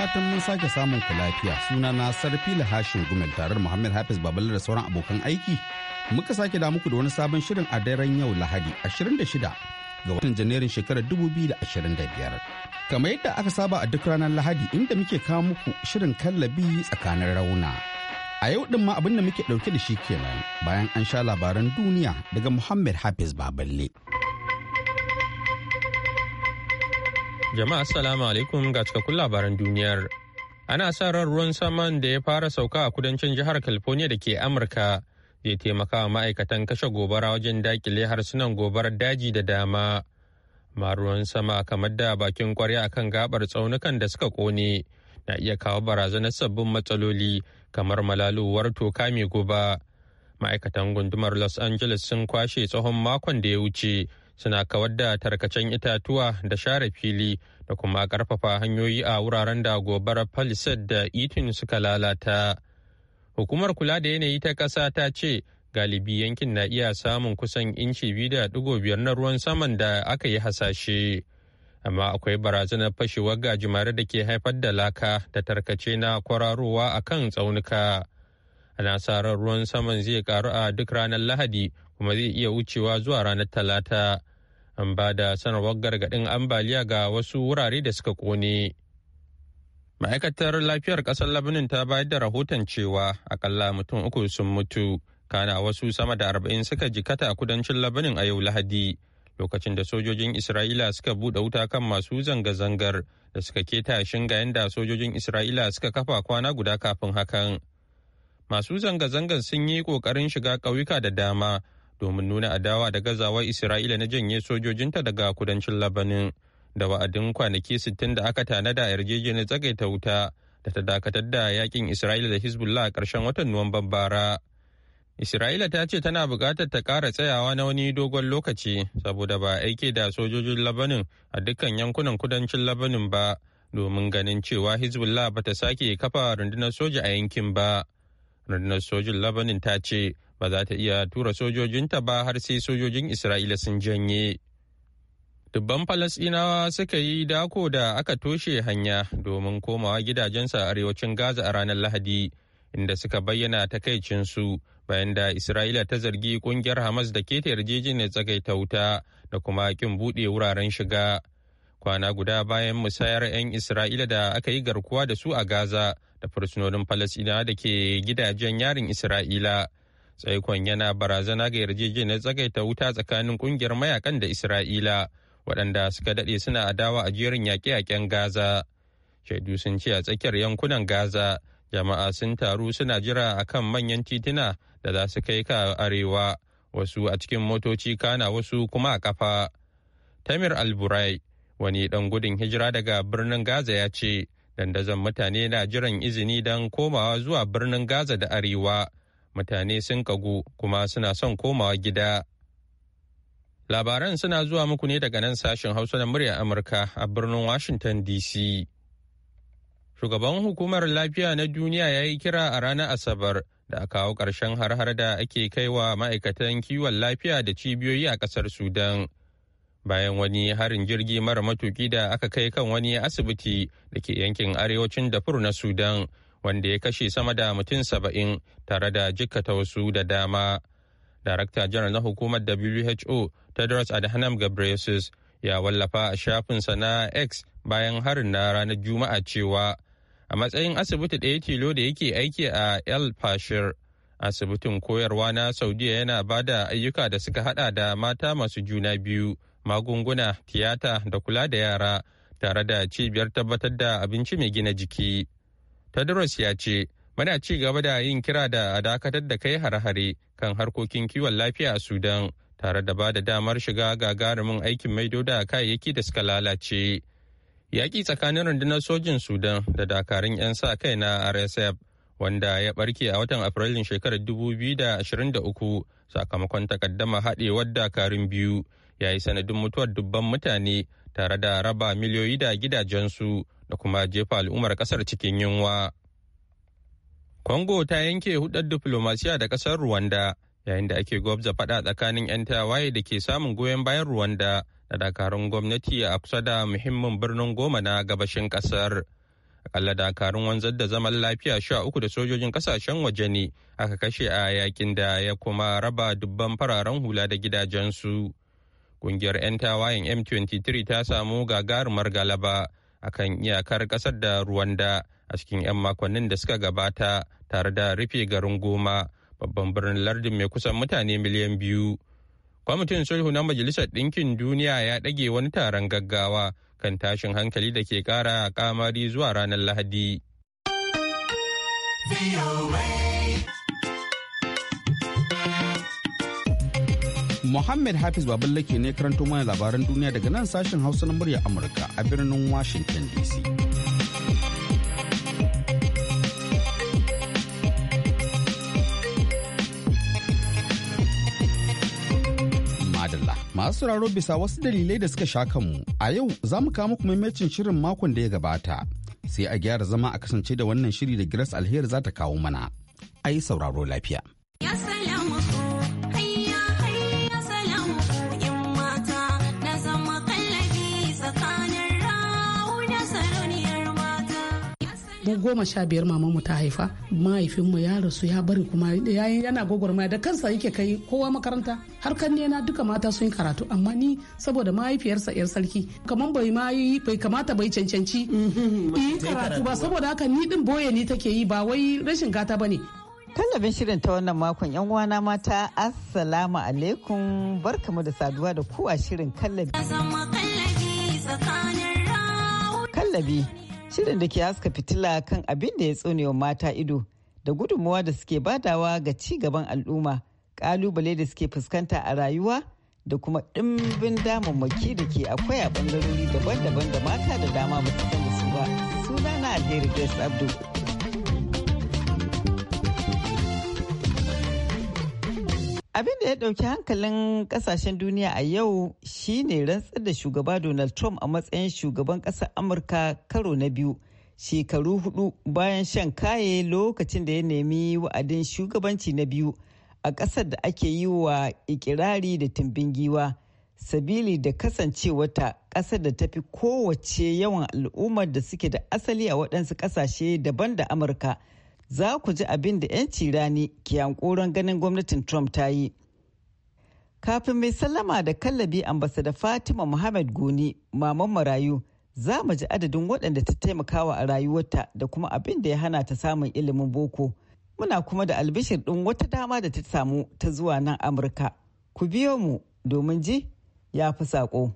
fatan mun sake samun ku lafiya suna na sarfi da hashin gumel tare da muhammad hafiz babalar da sauran abokan aiki muka sake da muku da wani sabon shirin a daren yau lahadi 26 ga watan janairun shekarar 2025 kamar yadda aka saba a duk ranar lahadi inda muke kawo muku shirin kallabi tsakanin rauna a yau din ma abin da muke dauke da shi kenan bayan an sha labaran duniya daga muhammad hafiz baballe. Jama'a Assalamu alaikum ga cikakkun labaran duniyar. Ana sa ran ruwan saman da ya fara sauka a kudancin jihar California da ke Amurka zai taimaka wa ma'aikatan kashe gobara wajen dakile harsunan gobarar daji da dama. Ma ruwan sama kamar da bakin kwarya akan gabar tsaunukan da suka kone na iya kawo barazanar sabbin matsaloli kamar malalowar toka mai goba. Ma'aikatan gundumar Los Angeles sun kwashe tsohon makon da ya wuce suna kawar da tarkacen itatuwa da share fili da kuma karfafa hanyoyi a wuraren da gobarar palisade da itin suka lalata hukumar kula da yanayi ta ƙasa ta ce galibi yankin na iya samun kusan inci biyu da biyar na ruwan saman da aka yi hasashe amma akwai barazanar fashewar gajimare da ke haifar da laka da tarkace na kwararowa a kan tsaunuka ana sa ran ruwan saman zai karu a duk ranar lahadi kuma zai iya wucewa zuwa ranar talata an ba da sanarwar gargaɗin ambaliya ga wasu wurare da suka kone. Ma'aikatar lafiyar ƙasar Labanin ta bayar da rahoton cewa akalla mutum uku sun mutu, kana wasu sama da arba'in suka jikata a kudancin Labanin a yau Lahadi, lokacin da sojojin Isra'ila suka buɗe wuta kan masu zanga-zangar da suka keta shingayen da sojojin Isra'ila suka kafa kwana guda kafin hakan. Masu zanga-zangar sun yi ƙoƙarin shiga ƙauyuka da dama domin nuna adawa da gazawar Isra'ila na janye sojojinta daga kudancin Labanin da wa'adin kwanaki sittin da aka tanada a yarjejeniyar tsagaita wuta da ta dakatar da yakin Isra'ila da Hezbollah a ƙarshen watan Nuwamban bara. Isra'ila ta ce tana buƙatar ta ƙara tsayawa na wani dogon lokaci saboda ba aike da sojojin Labanin a dukkan yankunan kudancin Labanin ba domin ganin cewa Hezbollah ba ta sake kafa rundunar soja a yankin ba. Rundunar sojin Labanin ta ce ba za ta iya tura sojojinta ba har sai sojojin Isra'ila sun janye. Dubban Falasɗinawa suka yi dako da aka toshe hanya domin komawa gidajensu a arewacin Gaza a ranar Lahadi, inda suka bayyana takaicinsu bayan da Isra'ila ta zargi ƙungiyar Hamas da ke ta yarjejeniyar tsagaita wuta da kuma kin buɗe wuraren shiga. Kwana guda bayan musayar 'yan Isra'ila da aka yi garkuwa da su a Gaza da fursunonin Falasɗinawa da ke gidajen yarin Isra'ila. tsaikon yana barazana ga yarjejeniyar tsagaita wuta tsakanin kungiyar mayakan da isra'ila waɗanda suka daɗe suna adawa a jerin yaƙe-yaƙen gaza shaidu sun ce a tsakiyar yankunan gaza jama'a sun taru suna jira a kan manyan tituna da za su kai ka arewa wasu a cikin motoci kana wasu kuma a kafa tamir alburai wani ɗan gudun hijira daga birnin gaza ya ce dandazon mutane na jiran izini don komawa zuwa birnin gaza da arewa mutane sun kagu kuma suna son komawa gida. Labaran suna zuwa muku ne daga nan sashen Hausa na murya Amurka a birnin Washington DC. Shugaban hukumar lafiya na duniya ya yi kira a ranar Asabar da a kawo ƙarshen har-har da ake kaiwa ma'aikatan kiwon lafiya da cibiyoyi a ƙasar Sudan. bayan wani harin jirgi mara matuƙi da aka kai kan wani asibiti da ke yankin arewacin dafur na sudan wanda ya kashe sama da mutum saba'in tare da jikkata wasu da dama. Darakta janar na hukumar WHO Tedros Adhanom Ghebreyesus ya wallafa a shafinsa na X bayan harin na ranar Juma'a cewa a matsayin asibiti ɗaya tilo da yake aiki a El Fashir. Asibitin koyarwa na Saudiya yana ba da ayyuka da suka hada da mata masu juna biyu, magunguna, tiyata da kula da yara, tare da cibiyar tabbatar da abinci mai gina jiki. tadros ya ce muna ci gaba da yin kira da a dakatar da kai hare-hare kan harkokin kiwon lafiya a sudan tare da ba da damar shiga gagarumin aikin maido da kayayyaki da suka lalace yaƙi tsakanin rundunar sojin sudan da dakarun 'yan sa kai na rsf wanda ya barke a watan afrilun shekarar 2023 sakamakon takaddama haɗewar dakarun biyu ya yi sanadin mutuwar dubban mutane tare da raba miliyoyi da gidajensu da kuma jefa al'ummar kasar cikin yunwa. kongo ta yanke hudar diplomasiya da kasar Rwanda yayin da ake gwabza fada tsakanin 'yan tawaye da ke samun goyon bayan Rwanda da dakarun gwamnati a kusa da muhimmin birnin goma na gabashin kasar. Akalla dakarun wanzar da zaman lafiya sha uku da sojojin kasashen waje ne aka kashe a yakin da ya kuma raba dubban fararen hula da gidajensu. ƙungiyar 'yan tawayen M23 ta samu gagarumar galaba akan iyakar ƙasar da Rwanda a cikin 'yan makonnin da suka gabata tare da rufe garin Goma babban birnin lardin mai kusan mutane miliyan biyu. Kwamitin sulhu na Majalisar Ɗinkin Duniya ya ɗage wani taron gaggawa kan tashin hankali da ke ƙara ƙamari zuwa ranar Lahadi. Muhammad Hafiz Baballake ne karanto mana labaran duniya daga nan sashen Hausa na murya Amurka a birnin Washington DC. Masu sauraro bisa wasu dalilai da suka sha kanmu, a yau za mu kawo muku maimacin shirin makon da ya gabata. Sai a gyara zama a kasance da wannan shiri da Giras Alheri za ta kawo mana. a yi sauraro lafiya. Ya salamu goma sha biyar mamanmu ta haifa mahaifinmu ya rasu ya bari kuma yana gwagwarmaya da kansa yake kai kowa makaranta har kan na duka mata sun yi karatu amma ni saboda mahaifiyarsa yar sarki kamar bai ma yi bai kamata bai cancanci yi karatu ba saboda haka ni din boye ni take yi ba wai rashin gata bane Kallabin shirin ta wannan makon yan uwana mata assalamu alaikum barkamu da saduwa da ku a shirin kallabi. Kallabi Shirin da ke haska fitila kan abin da ya tsonewa mata ido da gudunmuwa da suke badawa ga ci gaban al'umma, kalubale da suke fuskanta a rayuwa da kuma ɗimbin damammaki da ke akwai a bangarori daban-daban da mata da dama ba su san su ba. Sunana Alheri Grace Abdul. Abin da ya ɗauki hankalin ƙasashen duniya a yau shine rantsar da shugaba Donald Trump a matsayin shugaban ƙasar Amurka karo na biyu. Shekaru hudu bayan shan kaye lokacin da ya nemi wa'adin shugabanci na biyu a ƙasar da ake yi wa ikirari da timbin giwa. Sabili da kasancewata ƙasar da tafi kowace yawan al'ummar da suke da asali a waɗansu ƙasashe daban da Amurka. za ku ji abin da 'yan cirani ke yankoron ganin gwamnatin Trump ta yi. Kafin mai sallama da kallabi ambasada Fatima Muhammad Goni, maman marayu, za mu ji adadin waɗanda ta taimakawa a rayuwarta da kuma abin da ya hana ta samun ilimin boko. Muna kuma da albishir ɗin wata dama da ta samu ta zuwa nan Amurka. Ku biyo mu domin ji ya fi saƙo.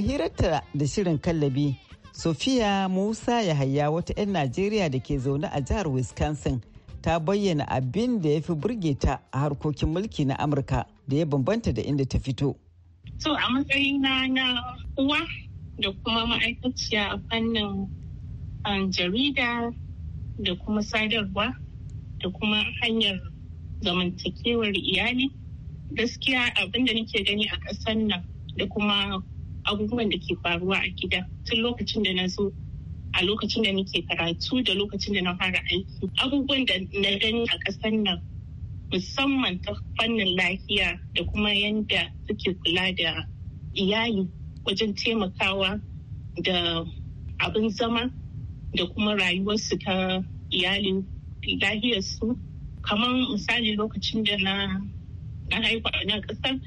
hirarta da shirin kallabi, Sofiya Musa Yahaya wata 'yan Najeriya da ke zaune a jihar Wisconsin ta bayyana abin da ya fi burge ta a harkokin mulki na Amurka da ya bambanta da inda ta fito. So a matsayin na uwa da kuma ma'aikaciya a fannin um, jarida da kuma sadarwa da kuma hanyar zamantakewar iyali gaskiya abin da nake gani a ƙasar nan da kuma abubuwan da ke faruwa a gida tun lokacin da na zo a lokacin da nake karatu da lokacin da na fara aiki abubuwan da na gani a ƙasar nan musamman ta fannin lafiya da kuma yadda suke kula da iyali wajen taimakawa da abin zama da kuma rayuwarsu ta iyali lafiyarsu kamar misali lokacin da na haifa a ƙasar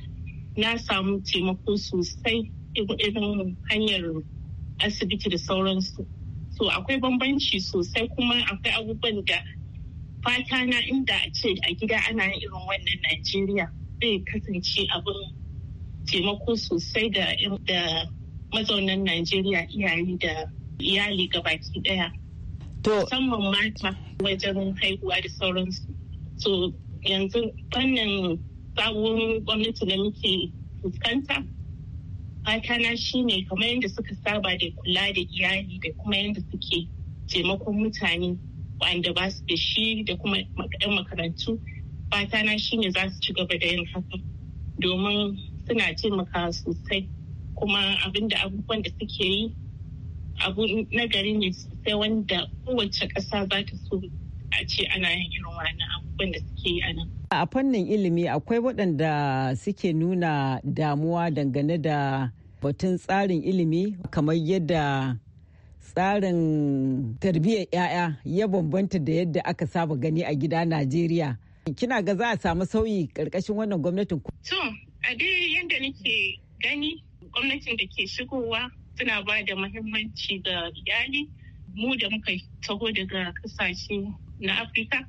na samu taimako sosai irin hanyar asibiti da sauransu so akwai bambanci sosai kuma akwai abubuwan da fata na inda a ce a gida ana irin wannan najeriya zai kasance abin taimako sosai da mazaunan najeriya iyaye da iyali gabaki daya musamman mata wajen haihuwa da sauransu so yanzu wannan sabuwar gwamnati da muke fuskanta Fatana na shine kamar yadda suka saba da kula da iyali da kuma yadda suke taimakon mutane wanda ba su da shi da kuma yan makarantu fatana na shine za su ci gaba da yin haka domin suna taimakawa sosai kuma abin da abubuwan da suke yi abu nagari ne sosai wanda kowace ƙasa za ta so a ce ana yin irin wannan abubuwan da suke yi a nan. A fannin ilimi akwai waɗanda suke nuna damuwa dangane da batun tsarin ilimi kamar yadda tsarin tarbiyyar 'ya'ya ya bambanta da yadda aka saba gani a gida Najeriya. Kina ga za a samu sauyi ƙarƙashin wannan gwamnatin? To, a dai yadda nake gani gwamnatin da ke shigowa suna ba da muhimmanci ga iyali mu da muka taho daga ƙasashe. na afirka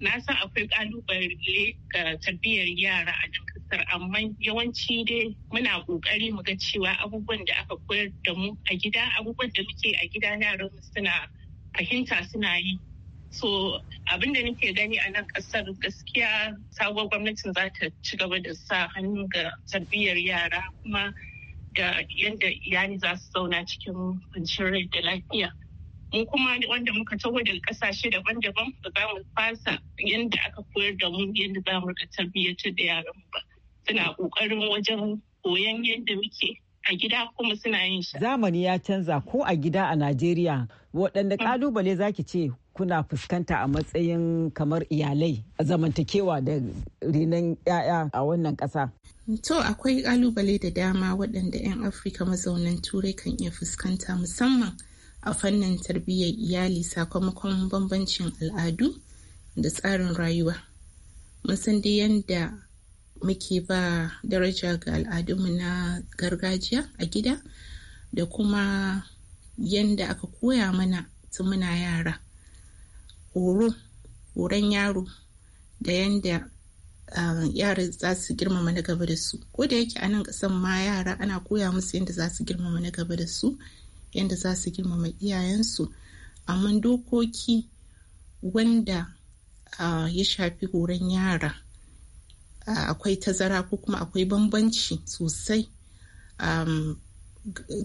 na san akwai kalubale ga tarbiyyar yara a nan kasar amma yawanci dai muna kokari mu ga cewa abubuwan da aka koyar da mu a gida abubuwan da muke a gida yaran suna fahimta suna yi so abin da nake gani a nan kasar gaskiya sabuwar gwamnatin za ta ci gaba da sa hannu ga tarbiyyar yara kuma da yadda iyali za su zauna cikin kwanciyar da lafiya. mu kuma wanda muka taho daga kasashe daban-daban ba za mu fasa yadda aka koyar da mu yadda za mu rika da yaran mu ba suna kokarin wajen koyan yadda muke a gida kuma suna yin shi zamani ya canza ko a gida a Najeriya waɗanda kalubale mm. zaki ce kuna fuskanta a matsayin kamar iyalai a zamantakewa da renon 'ya'ya a wannan ƙasa To akwai kalubale da dama waɗanda 'yan Afirka mazaunan Turai kan iya fuskanta musamman a fannin tarbiyyar iyali sakamakon bambancin al'adu da tsarin rayuwa. Mun san dai yadda muke ba daraja ga al'adunmu na gargajiya a gida da kuma yadda aka koya mana tun muna yara. Horo, horon yaro da yadda yara za su girmama na gaba da su ko da yake a nan kasan ma yara ana koya musu yadda za su girmama na gaba da su yadda za su girmama iyayensu amma dokoki wanda ya shafi horon yara akwai tazara ko kuma akwai bambanci sosai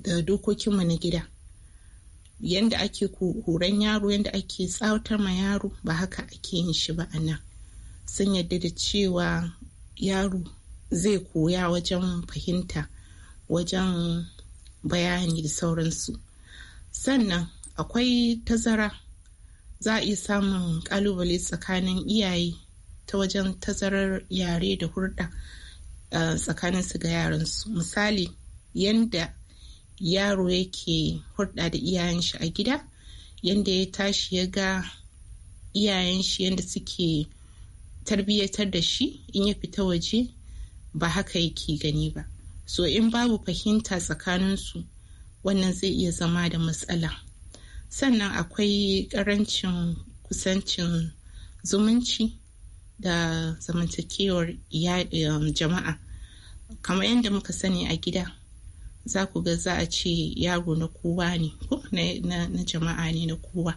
da dokokinmu na gida yanda ake horon yaro yanda ake tsawatar ma yaro ba haka ake yin shi ba a nan sun yadda da cewa yaro zai koya wajen fahimta wajen bayani da sauransu sannan akwai tazara za a iya samun kalubale tsakanin iyaye ta wajen tazarar yare da tsakanin su ga yaransu misali yanda yaro yake hurda da iyayen shi a gida yanda ya tashi ya ga iyayen shi yanda suke tarbiyyatar da shi in ya fita waje ba haka yake gani ba so in babu fahimta tsakaninsu wannan zai iya zama da matsala sannan akwai karancin kusancin zumunci da zamantakewar um, jama'a kamar yadda muka sani a gida za ku ga za a ce yaro na kowa ne ko na jama'a ne na kowa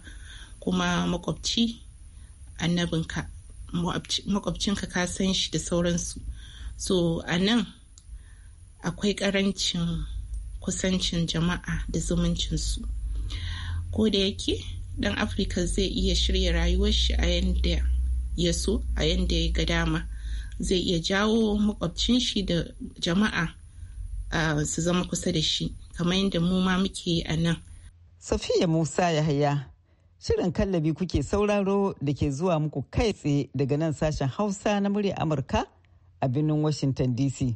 kuma makwabci annabinka makwabcinka ka san shi da sauransu so a nan akwai ƙarancin kusancin jama'a da zumuncinsu ko da yake ɗan afirka zai iya shirya rayuwar shi a yadda ya so a yadda ya ga dama zai iya jawo makwabcin shi da jama'a su zama kusa da shi kamar yadda mu ma muke a nan safiya musa yahaya Shirin kallabi kuke sauraro da ke zuwa muku kai tsaye daga nan sashen Hausa na murya Amurka a birnin Washington DC.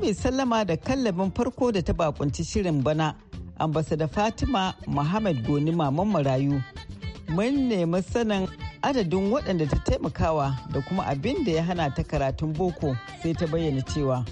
mai sallama da kallabin farko da ta bakunci shirin bana ambasada fatima muhammad goni maman marayu mun nemi sanin adadin waɗanda ta taimakawa da kuma abin da ya hana ta karatun boko sai ta bayyana cewa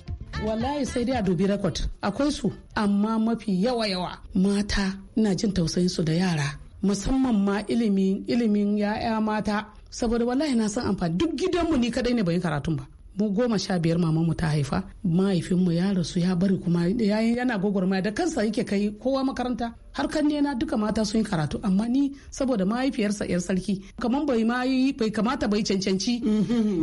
wallahi sai dai a dubi rekod akwai su amma mafi yawa yawa mata ina jin tausayin su da yara musamman ma ilimin ilimin ya'ya mata saboda wallahi na san amfani duk gidanmu ni kadai ne bayan karatun ba mu goma sha biyar mama mu ta haifa mahaifinmu ya rasu ya bari kuma yana gwagwarmaya da kansa yake kai kowa makaranta har kan na duka mata sun yi karatu amma ni saboda mahaifiyarsa yar sarki kamar bai bai kamata bai cancanci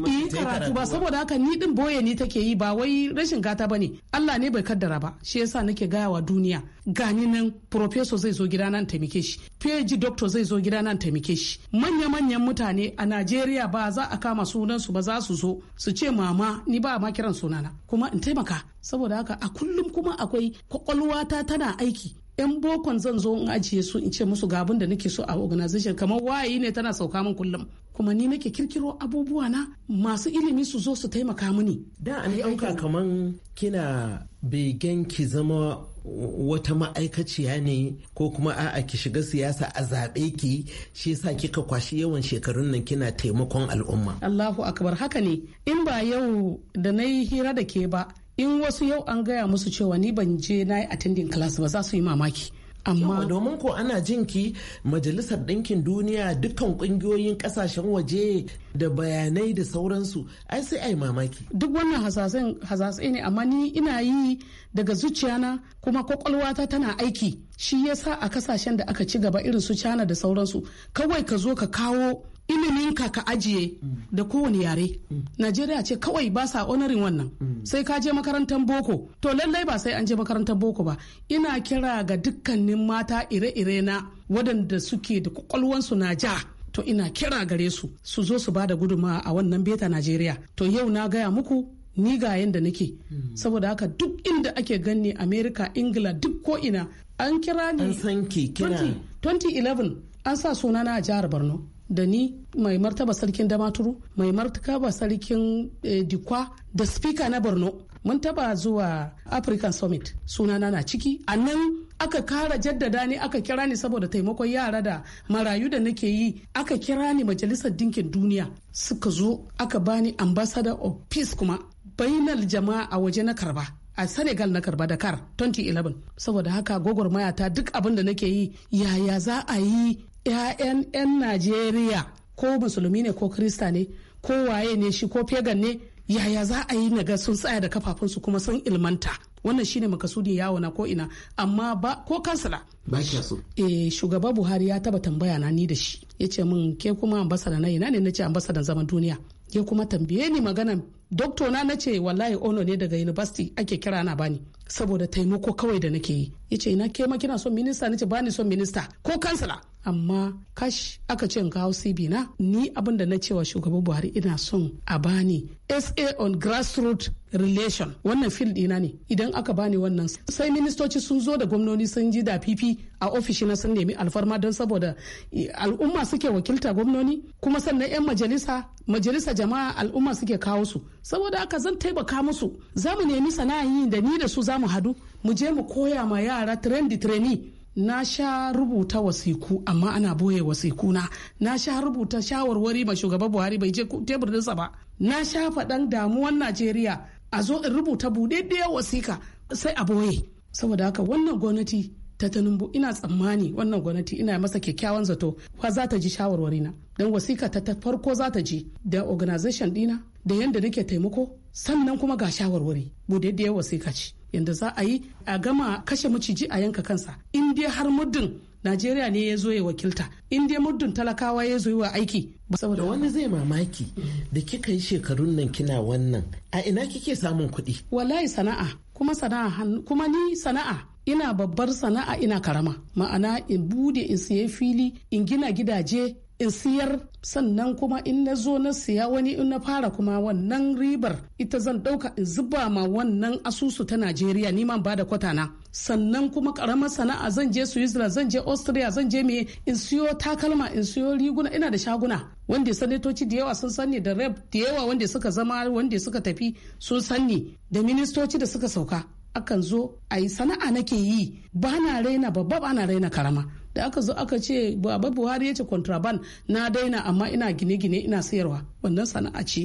yi karatu ba saboda haka ni din boye ni take yi ba wai rashin gata bane Allah ne bai kaddara ba shi yasa nake gaya wa duniya gani nan professor zai zo gida nan taimake shi PhD doctor zai zo gida nan taimake shi manya manyan mutane a Najeriya ba za a kama sunan su ba za su zo su ce mama ni ba ma kiran sunana kuma in taimaka saboda haka a kullum kuma akwai kwakwalwata tana aiki yan bokon zan zo in ajiye su in ce musu ga da nake so a organization kamar waye ne tana sauka min kullum kuma ni nake kirkiro abubuwa na masu ilimi su zo su taimaka mini da an dauka kaman kina begen ki zama wata ma'aikaciya ne ko kuma a'a ki shiga siyasa a zaɓe ki shi yasa kika kwashi yawan shekarun nan kina taimakon al'umma Allahu akbar haka ne in ba yau da na yi hira da ke ba in wasu yau an gaya musu cewa ni ban je na yi attending class ba za su yi mamaki amma domin ko ana jinki majalisar ɗinkin duniya dukkan ƙungiyoyin ƙasashen waje da bayanai da sauransu ai sai ai mamaki duk wannan hasasai ne amma ni ina yi daga zuciyana kuma kwakwalwata tana aiki shi yasa a ƙasashen da aka ci gaba irin su cana da sauransu kawai ka zo ka kawo iliminka ka ajiye da kowane yare najeriya ce kawai ba sa onarin wannan sai ka je makarantar boko to lallai ba sai an je makarantar boko ba ina kira ga dukkanin mata ire-ire na waɗanda suke da kwakwalwansu na ja to ina kira gare su su zo su bada da guduma a wannan beta najeriya to yau na gaya muku ni ga yanda nake saboda haka duk inda ake gani america ingila duk ko ina an kira ni 2011 an sa sunana a jihar borno da ni mai martaba sarkin damaturu mai martaba sarkin eh, dikwa da speaker na borno mun taba zuwa african summit sunana na ciki a nan aka kara jaddada ni aka kira ni saboda taimakon yara da marayu da nake yi aka kira ni majalisar dinkin duniya suka zo aka bani ambassador of peace kuma bainar jama'a a waje na karba a senegal na karba dakar 2011 saboda haka gwagwarmaya ta duk abin da nake yi yaya za a yi 'ya'yan 'yan najeriya ko musulmi ne ko krista ne ko waye ne shi ko fegan ne yaya za a yi naga sun tsaya da kafafunsu kuma sun ilmanta wannan shine makasudin yawo na ko ina amma ba ko kansila ba so eh shugaba buhari ya taba tambaya na ni da shi yace min ke kuma ambasada na ina ne nace ambasadan zaman duniya ya kuma tambaye ni maganan doktor na nace wallahi ono ne daga university ake kira na bani saboda taimako kawai da nake yi yace ina ke ma kina son minista nace bani son minista ko kansala amma kash aka ce in kawo cb na ni abin da na cewa shugaban buhari ina son a bani sa on grassroots relation wannan field dina ne idan aka bani wannan sai ministoci sun zo da gwamnoni sun ji da fifi a ofishi na sun nemi alfarma don saboda eh, al'umma suke wakilta gwamnoni kuma sannan 'yan majalisa majalisa jama'a al'umma suke kawo su saboda aka zan taimaka musu za mu nemi sana'a yi da ni da su za mu hadu mu je mu koya ma yara trendy trainee na sha rubuta wasiku amma ana boye wasiku na na sha rubuta shawarwari ma shugaban buhari bai je tebur dinsa ba na sha faɗan damuwan najeriya a zo in rubuta buɗaɗɗiyar wasika sai a boye saboda haka wannan gwamnati ta tanumbu ina tsammani wannan gwamnati ina masa kyakkyawan zato wa za ta ji shawarwari na don wasika ta farko za ta ji da organization dina da yadda nake taimako sannan kuma ga shawarwari mu da yadda wasika ce yadda za a yi a gama kashe maciji a yanka kansa in dai har muddin Najeriya ne ya zo ya wakilta in dai muddin talakawa ya zo wa aiki. Saboda wani zai mamaki da kika yi shekarun nan kina wannan a ina kike samun kuɗi? Wallahi sana'a kuma sana'a kuma ni sana'a ina babbar sana'a ina karama ma'ana in bude in siye fili in gina gidaje in siyar sannan kuma in na zo na siya wani in na fara kuma wannan ribar ita zan dauka in zuba ma wannan asusu ta najeriya ni ba bada kwatana sannan kuma karamar sana'a zan je switzerland zan je austria zan je mai in siyo takalma in siyo riguna ina da shaguna wanda sanatoci da yawa sun sani da rep da yawa wanda suka zama wanda suka tafi sun sani da ministoci da suka sauka akan zo a yi sana'a nake yi ba na raina babba ba na raina karama da aka zo aka ce baba buhari ya ce contraband na daina amma ina gine-gine ina sayarwa wannan sana'a ce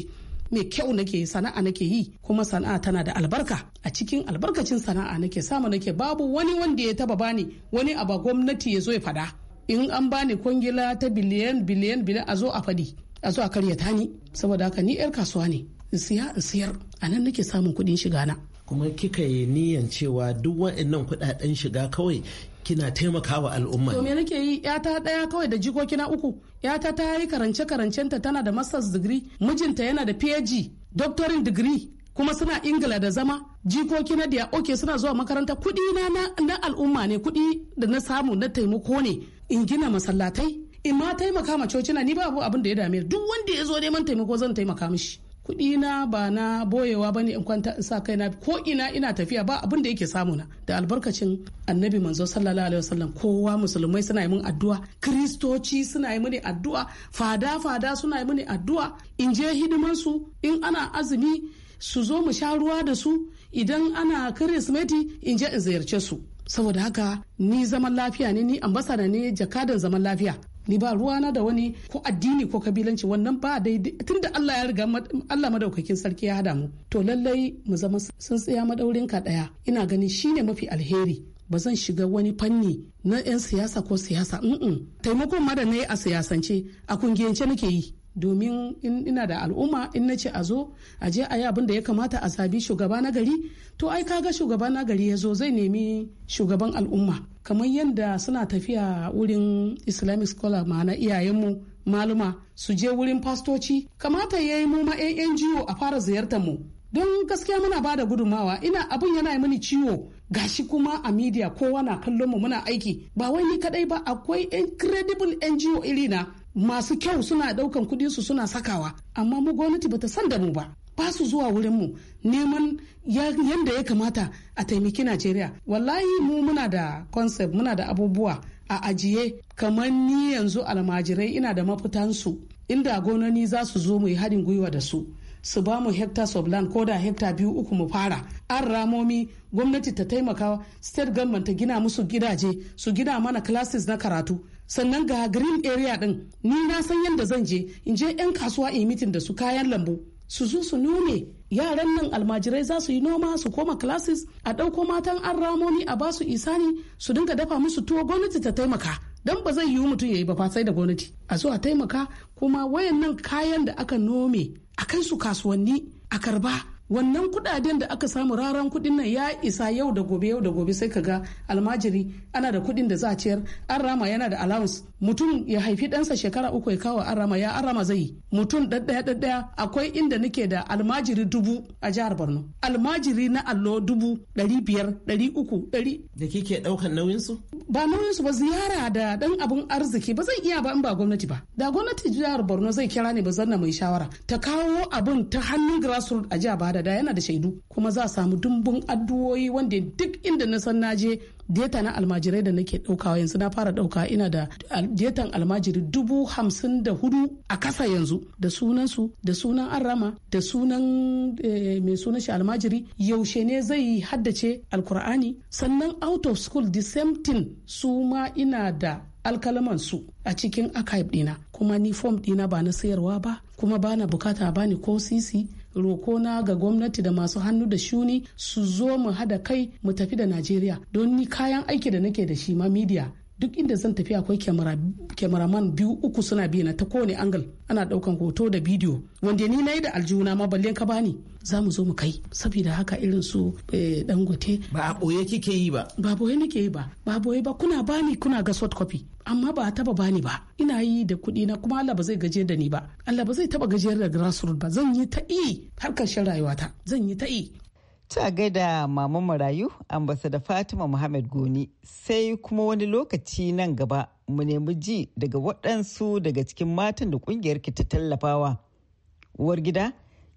mai kyau nake sana'a nake yi kuma sana'a tana da albarka a cikin albarkacin sana'a nake samu nake babu wani wanda ya taba bani wani aba gwamnati ya zo ya fada in an bani kwangila ta biliyan biliyan biliyan a zo a fadi a zo a karyata ni saboda haka ni yar kasuwa ne in siya in siyar a nan nake samun kuɗin shiga na kuma kika yi niyan cewa duk wa'annan kudaden shiga kawai kina taimakawa al'umma to me nake yi yata daya kawai da na uku yata ta yi karance karancenta tana da masters degree mijinta yana da phd doctoring degree kuma suna ingila da zama jikoki na diya oke suna zuwa makaranta kudi na na al'umma ne kudi da na samu na taimako ne in gina masallatai in ma taimaka ma cocina ni ba abin da ya dame duk wanda ya zo neman taimako zan taimaka mishi kuɗi na ba na boyewa ba ne in kwanta in sa kai na ko ina ina tafiya ba abin da yake samu na da albarkacin annabi manzo sallallahu alaihi wasallam kowa musulmai suna yi min addu'a kristoci suna yi mini addu'a fada fada suna yi mini addu'a in je hidiman su in ana azumi su zo mu sha ruwa da su idan ana kirismeti in je in ziyarce su saboda haka ni zaman lafiya ne ni ambasada ne jakadan zaman lafiya ni ba ruwana da wani ko addini ko kabilanci wannan ba daidai tunda Allah ya riga Allah madaukakin sarki ya hada mu to lallai mu zama sun tsaya madaurin ka daya ina ganin shine mafi alheri ba zan shiga wani fanni na 'yan siyasa ko siyasa mm taimakon ma da na yi a siyasance a kungiyance nake yi domin in ina da al'umma in na ce a zo a je a yi abin da ya kamata a zabi shugaba na gari to ai ga shugaba na gari ya zo zai nemi shugaban al'umma kamar yadda suna tafiya wurin islamic scholar ma'ana iyayenmu maluma su je wurin fastoci kamata ya yi muma 'yan ngo a fara ziyartar mu don gaskiya muna ba da gudunmawa ina abin yana mini ciwo gashi kuma a media kowa na kallon mu muna aiki ba wai ni kadai ba akwai incredible ngo irina masu kyau suna daukan kudin su suna sakawa amma mu gwamnati bata san da mu ba ba su zuwa wurin mu neman yadda ya kamata a taimaki Najeriya wallahi mu muna da concept muna da abubuwa a ajiye kamar ni yanzu almajirai ina da su inda gonani za su zo mu yi haɗin gwiwa da su su ba mu hectares of land ko da hectares biyu uku mu fara an ramomi gwamnati ta taimaka state government ta gina musu gidaje su gina mana classes na karatu sannan ga green area din ni na san yadda zan je in je yan kasuwa in mitin da su kayan lambu su zo su nome yaran nan almajirai za su yi noma su koma classes a ɗauko matan an ramoni a basu isani su dinga dafa musu tuwo gwamnati ta taimaka don ba zai yiwu mutum ya yi ba sai da gwamnati a zuwa taimaka kuma wayannan kayan da aka nome a kai su kasuwanni a karba wannan kudaden da aka samu raran kudin nan ya isa yau da gobe yau da gobe sai ka ga almajiri ana da kudin da za a ciyar an rama yana da allowance mutum ya haifi ɗansa shekara uku ya kawo an rama ya an rama zai mutum ɗaɗɗaya ɗaɗɗaya akwai inda nake da almajiri dubu a jihar borno almajiri na allo dubu ɗari biyar ɗari uku ɗari. da kike ɗaukan su ba su ba ziyara da ɗan abun arziki ba zan iya ba in ba gwamnati ba da gwamnati jihar borno zai kira ne ba zanna mai shawara ta kawo abun ta hannun grassroots a jihar bada gada yana da shaidu kuma za a samu dumbun addu'o'i wanda duk inda na san naje deta na almajirai da nake ɗaukawa yanzu na fara ɗauka ina da detan almajiri dubu hamsin da hudu a kasa yanzu da sunansu da sunan arrama da sunan eh, mai sunan shi almajiri yaushe ne zai yi haddace alkur'ani sannan out of school the same thing su ma ina da alkalaman su a cikin archive dina kuma ni form dina ba na sayarwa ba kuma ba na bukata ba ni ko sisi rokona ga gwamnati da masu hannu da shuni su zo mu hada kai mu tafi da najeriya don ni kayan aiki da nake da shi ma media duk inda zan tafi akwai kyamaraman biyu uku suna biya na ta kowane angal ana daukan hoto da bidiyo wanda ni na yi da aljuna ma balle ka bani za mu zo mu kai saboda haka irin su eh, dangote ba a boye kike yi ba ba boye nake yi ba ba boye ba kuna bani kuna ga soft copy amma ba a taba bani ba ina yi da kuɗi na kuma Allah ba zai gajiyar da ni ba Allah ba zai taba gajiyar da grassroots ba zan yi ta yi har ƙarshen rayuwata zan yi ta yi Ta gaida Mama Marayu, ambasada Fatima Muhammad Goni, sai kuma wani lokaci nan gaba mu nemi ji daga waɗansu daga cikin matan da ƙungiyar ki ta tallafawa. Uwar gida,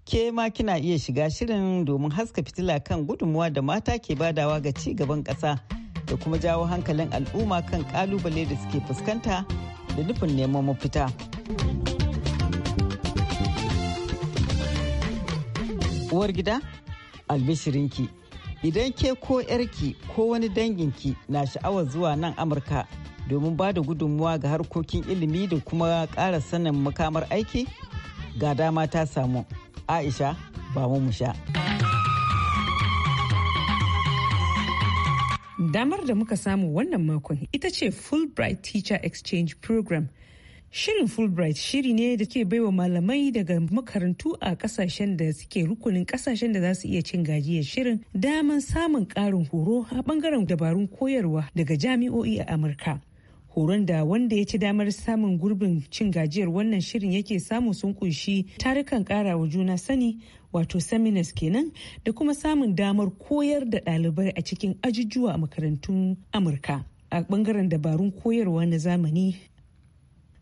ke ma kina iya shiga shirin domin haska fitila kan gudunmuwa da mata ke badawa ga ci gaban ƙasa da kuma jawo hankalin al'umma kan ƙalubale da suke fuskanta da nufin neman mafita. Uwar gida, albishirinki idan ke ko yarki ko wani danginki na sha'awar zuwa nan amurka domin ba da gudunmuwa ga harkokin ilimi da kuma ƙara sanin makamar aiki ga dama ta samu aisha ba mu sha. damar da muka samu wannan makon ita ce fulbright teacher exchange program Shirin Fulbright shiri ne da ke baiwa malamai daga makarantu a kasashen da suke rukunin kasashen da za su iya cin gajiyar shirin daman samun ƙarin horo a bangaren dabarun koyarwa daga jami'o'i a Amurka. Horon da wanda ya ci damar samun gurbin cin gajiyar wannan shirin yake samu sun kunshi tarukan karawa juna sani wato seminars kenan da kuma samun damar koyar da ɗalibai a cikin ajujuwa a makarantun Amurka. a bangaren dabarun koyarwa na zamani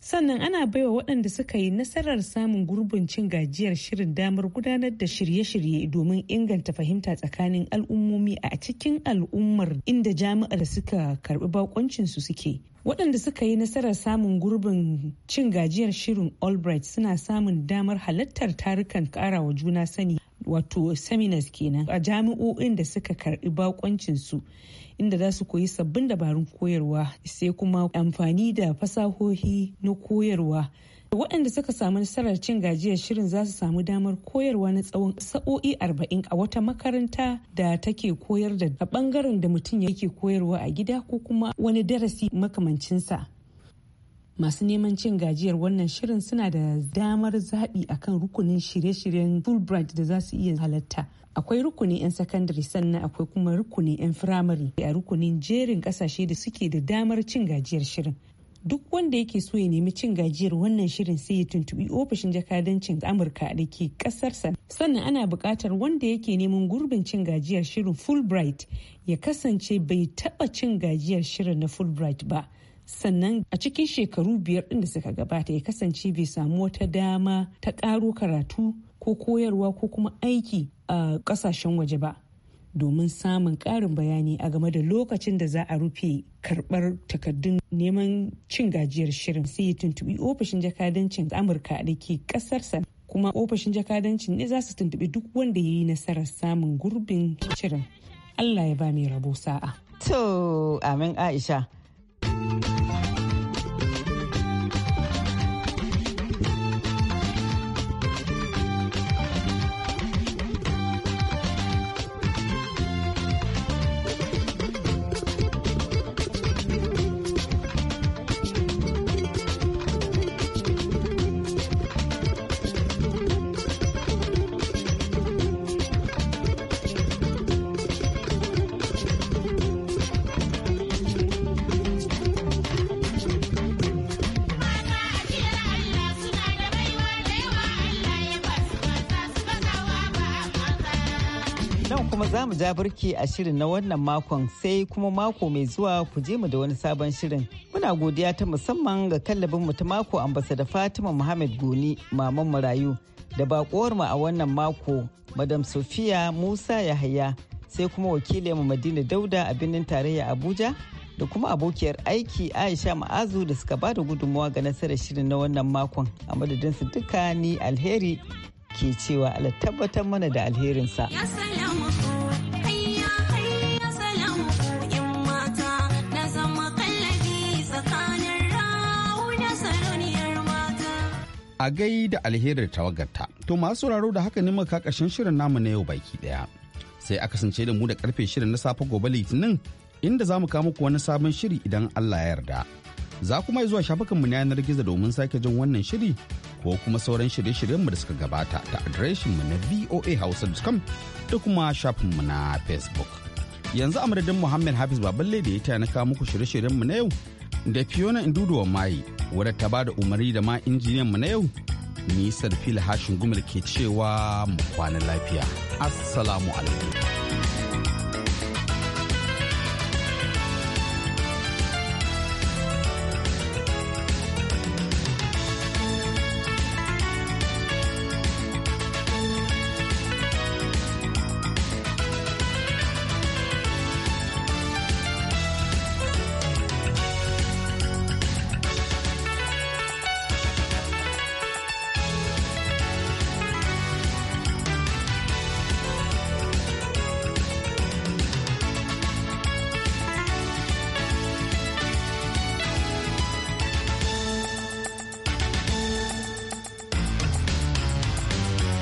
sannan ana baiwa waɗanda suka yi nasarar samun gurbin cin gajiyar shirin damar gudanar da shirye-shirye domin inganta fahimta tsakanin al'ummomi a cikin al'ummar inda jami'ar suka karbi bakoncinsu suke waɗanda suka yi nasarar samun gurbin cin gajiyar shirin albright suna samun damar halartar tarukan karawa juna sani wato seminars kenan a jami'o'in da suka karbi bakoncin su inda za su koyi sabbin dabarun koyarwa sai kuma amfani da fasahohi na koyarwa waɗanda suka samu nasarar cin gajiyar shirin za su samu damar koyarwa na tsawon sa'o'i arba'in a wata makaranta da take koyar da a bangaren da mutum yake koyarwa a gida ko kuma wani darasi makamancinsa masu neman cin gajiyar wannan shirin suna da damar zaɓi akan rukunin shirye-shiryen fulbright da za su iya halatta akwai rukunin 'yan sakandare sannan akwai kuma rukunin 'yan firamare a rukunin jerin ƙasashe da suke da damar cin gajiyar shirin duk wanda yake so ya nemi cin gajiyar wannan shirin sai ya tuntubi ofishin jakadancin amurka da ke kasarsa sannan ana buƙatar wanda yake neman gurbin cin gajiyar shirin fulbright ya kasance bai taɓa cin gajiyar shirin na fulbright ba sannan a cikin shekaru biyar ɗin da suka gabata ya kasance bai samu wata dama ta ƙaro karatu ko koyarwa ko kuma aiki a ƙasashen waje ba domin samun ƙarin bayani a game da lokacin da za a rufe karɓar takardun neman cin gajiyar shirin sai ya tuntuɓi ofishin jakadancin amurka da ke ƙasarsa kuma ofishin jakadancin ne za su tuntuɓi duk wanda ya yi nasarar samun gurbin shirin allah ya ba mai rabo sa'a to amin aisha za burki a shirin na wannan makon sai kuma mako mai zuwa ku je mu da wani sabon shirin. Muna godiya ta musamman ga kallabin mu ta mako da Fatima Muhammad Goni maman marayu da bakuwar mu a wannan mako Madam sophia Musa Yahaya sai kuma wakilin mu Madina Dauda a birnin tarayya Abuja da kuma abokiyar aiki aisha ma'azu da suka ba da gudunmawa ga nasarar shirin na wannan makon a su duka ni alheri ke cewa ala tabbatar mana da alherinsa. a gai da alherar tawagarta. To masu sauraro da haka ne muka ƙarshen shirin namu na yau baki ɗaya. Sai a kasance da mu da karfe shirin na safe gobe litinin inda za mu kawo muku wani sabon shiri idan Allah ya yarda. Za kuma zuwa shafukanmu na yanar gizo domin sake jin wannan shiri ko kuma sauran shirye-shiryenmu da suka gabata ta adireshinmu na voahausa.com da kuma shafinmu na Facebook. Yanzu a madadin Muhammad Hafiz Baballe da ya na kawo muku shirye-shiryenmu na yau da Fiona wa Mai. wadda ta ba da umarni da ma injiniyan mu na yau nisar fil hashin gumar ke cewa mu kwana lafiya assalamu alaikum